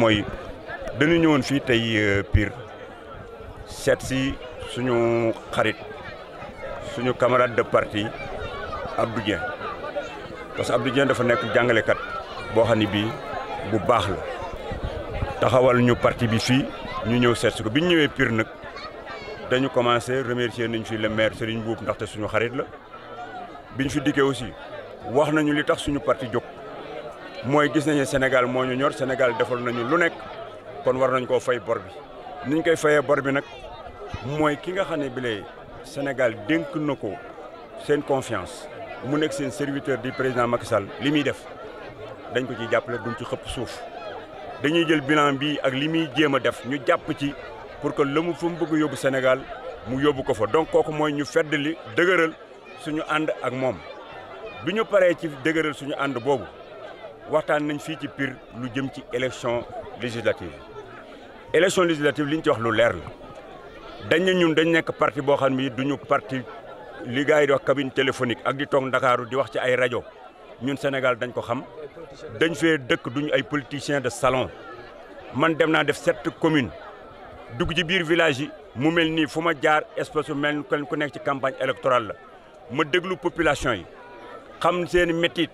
mooy dañu ñëwoon fii tey euh, piir seet si suñu xarit suñu camarade de parti Abdou Dieng parce que Abdou Dieng dafa nekk jàngalekat boo xam ne bii bu baax la taxawal ñu parti bi fii ñu ñëw seet si ko bi ñu ñëwee Pire nag dañu commencé remercier nañ fi le maire Serigne Mboup ndaxte suñu xarit la biñ fi dikkee aussi wax nañu li tax suñu parti jóg. mooy gis nañu Sénégal moo ñu ñor Sénégal defal nañu lu nekk kon war nañu koo fay bor bi ni ñu koy fayee bor bi nag mooy ki nga xam ne bile Sénégal dénk na ko seen confiance mu nekk seen serviteur du président Macky Sall li muy def dañ ko ciy jàppale ci xëpp suuf dañuy jël bilan bi ak li muy jéem a def ñu jàpp ci pour que la mu bëgg yóbbu Sénégal mu yóbbu ko fa donc kooku mooy ñu fedd li dëgëral suñu ànd ak moom bi ñu paree ci dëgëral suñu ànd boobu waxtaan nañ fii ci piir lu jëm ci élection législative élection législative li ci wax lu leer la dañ ne ñun dañ nekk parti boo xam ni duñu parti li gars yi di wax cabine téléphonique ak di toog ndakaaru di wax ci ay rajo ñun Sénégal dañ ko xam dañ fee dëkk duñu ay politiciens de salon man dem naa def sept communes dugg ci biir village yi mu mel nii fu ma jaar espèce bu mel ni ku nekk ci campagne électorale la ma déglu population yi xam seen métit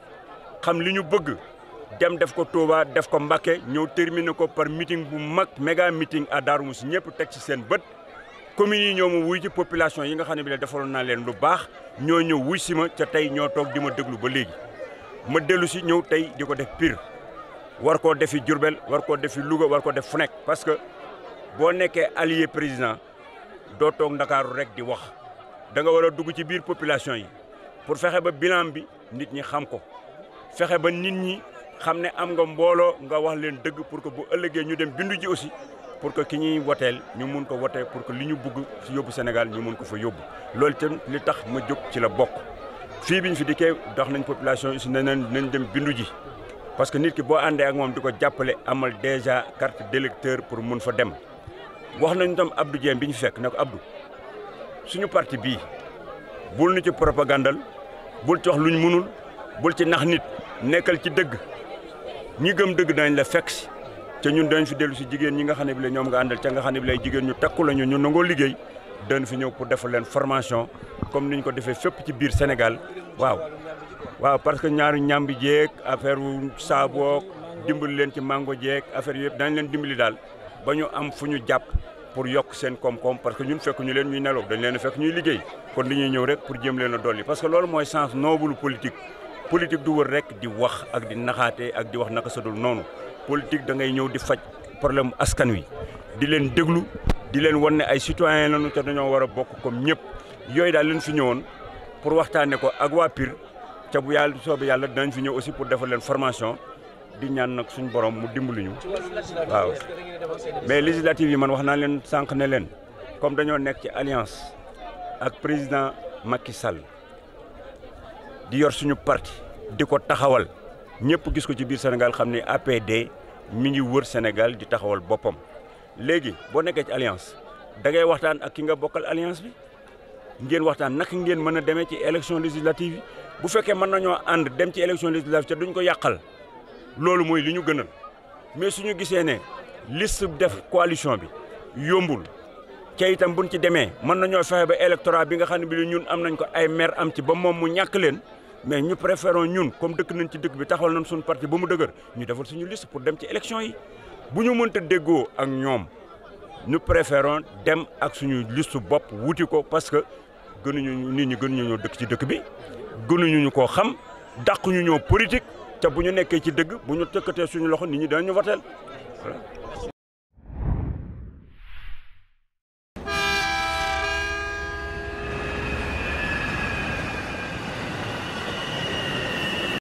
xam li ñu bëgg def ko Touba def ko Mbacké ñëw terminer ko par mitin bu mag méga meeting à Darou Moussi ñëpp teg ci seen bët communes yi ñoo ma wuy ci population yi nga xam ne bi la defaloon naa lu baax ñoo ñëw wuy si ma ca tey ñoo toog di ma déglu ba léegi ma dellu si ñëw tey di ko def piir war koo defi Diourbel war koo defi Louga war ko def fu nekk parce que boo nekkee allié président doo toog Ndakaaru rek di wax da nga war a dugg ci biir population yi pour fexe ba bilan bi nit ñi xam ko xam ne am nga mbooloo nga wax leen dëgg pour que bu ëllëgee ñu dem bindu ji aussi pour que ki ñuy woteel ñu mun ko wotee pour que li ñu bugg si yóbbu Sénégal ñu mun ko fa yóbbu loolu itam li tax ma jóg ci la bokk fii bi ñu fi dikkee dox nañ population aussi ne nañ dem bindu ji parce que nit ki boo àndee ak moom di ko jàppale amal déjà carte d'électeur pour mun fa dem wax nañu tam Abdou Dieng bi ñu fekk ne ko Abdou suñu parti bii bul nu ci propagandal bul ci wax luñ mënul bul ci nax nit nekkal ci dëgg ñi gëm dëgg dañ la fekk te ñun dañ fi dellu si jigéen ñi nga xam ne bi ñoom nga àndal nga xam ne bi lay ñu takku ñu ñu nangoo liggéey fi ñëw pour defal leen formation comme niñ ko defee fépp ci biir Sénégal waaw waaw parce que ñaari ñàmbi jeeg affaire wu saabook dimbali leen ci mango jeeg affaire yëpp dañ leen dimbali ba ñu am fu ñu jàpp pour yokk seen koom-koom parce que ñun fekk ñu leen ñuy nelaw dañ leen fekk ñuy liggéey kon dañuy ñëw rek pour jëm leen a dolli parce que loolu mooy sens noble politique politique du wër rek di wax ak di naxaate ak di wax naka sadul noonu politique da ngay ñëw di faj problème askan wi di leen déglu di leen wan ne ay citoyen lañu te dañoo war a bokk comme ñëpp yooyu daal leen fi ñëwoon pour waxtaane ko ak waa Pire ca bu yàlla soobee yàlla dinañ fi ñëw aussi pour defal leen formation di ñaan nag suñu borom mu dimbali ñu waaw mais législative yi man wax naa leen sànq ne leen comme dañoo nekk ci alliance ak président Macky Sall di yor suñu parti di ko taxawal ñëpp gis ko ci biir Sénégal xam ni de mi ngi wër Sénégal di taxawal boppam léegi boo nekkee ci alliance da ngay waxtaan ak ki nga bokkal alliance bi ngeen waxtaan naka ngeen mën a demee ci élection législative yi bu fekkee mën nañoo ànd dem ci élection législative te duñ ko yàqal loolu mooy li ñu gënal mais suñu gisee ne list def coalition bi yombul ca itam buñ ci demee mën nañoo fexe ba électorat bi nga xam ne bi ñun am nañ ko ay maire am ci ba moom mu ñàkk leen mais ñu préférons ñun comme dëkk nañ ci dëkk bi taxawal nañ suñu parti ba mu dëgër ñu defal suñu liste pour dem ci élection yi bu ñu mënta déggoo ak ñoom ñu préférons dem ak suñu liste bopp wuti ko parce que gënuñu nit ñi gënuñu ñoo dëkk ci dëkk bi gënuñu ñu koo xam dàquñu ñoo politique te bu ñu nekkee ci dëgg bu ñu tëkkatee suñu loxo nit ñi dañu ñu voteel